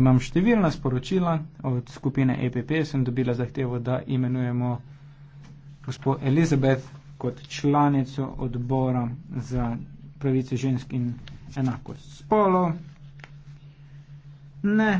Imam številna sporočila od skupine EPP, sem dobila zahtevo, da imenujemo gospod Elizabeth kot članico odbora za pravice žensk in enakost spolo. Ne,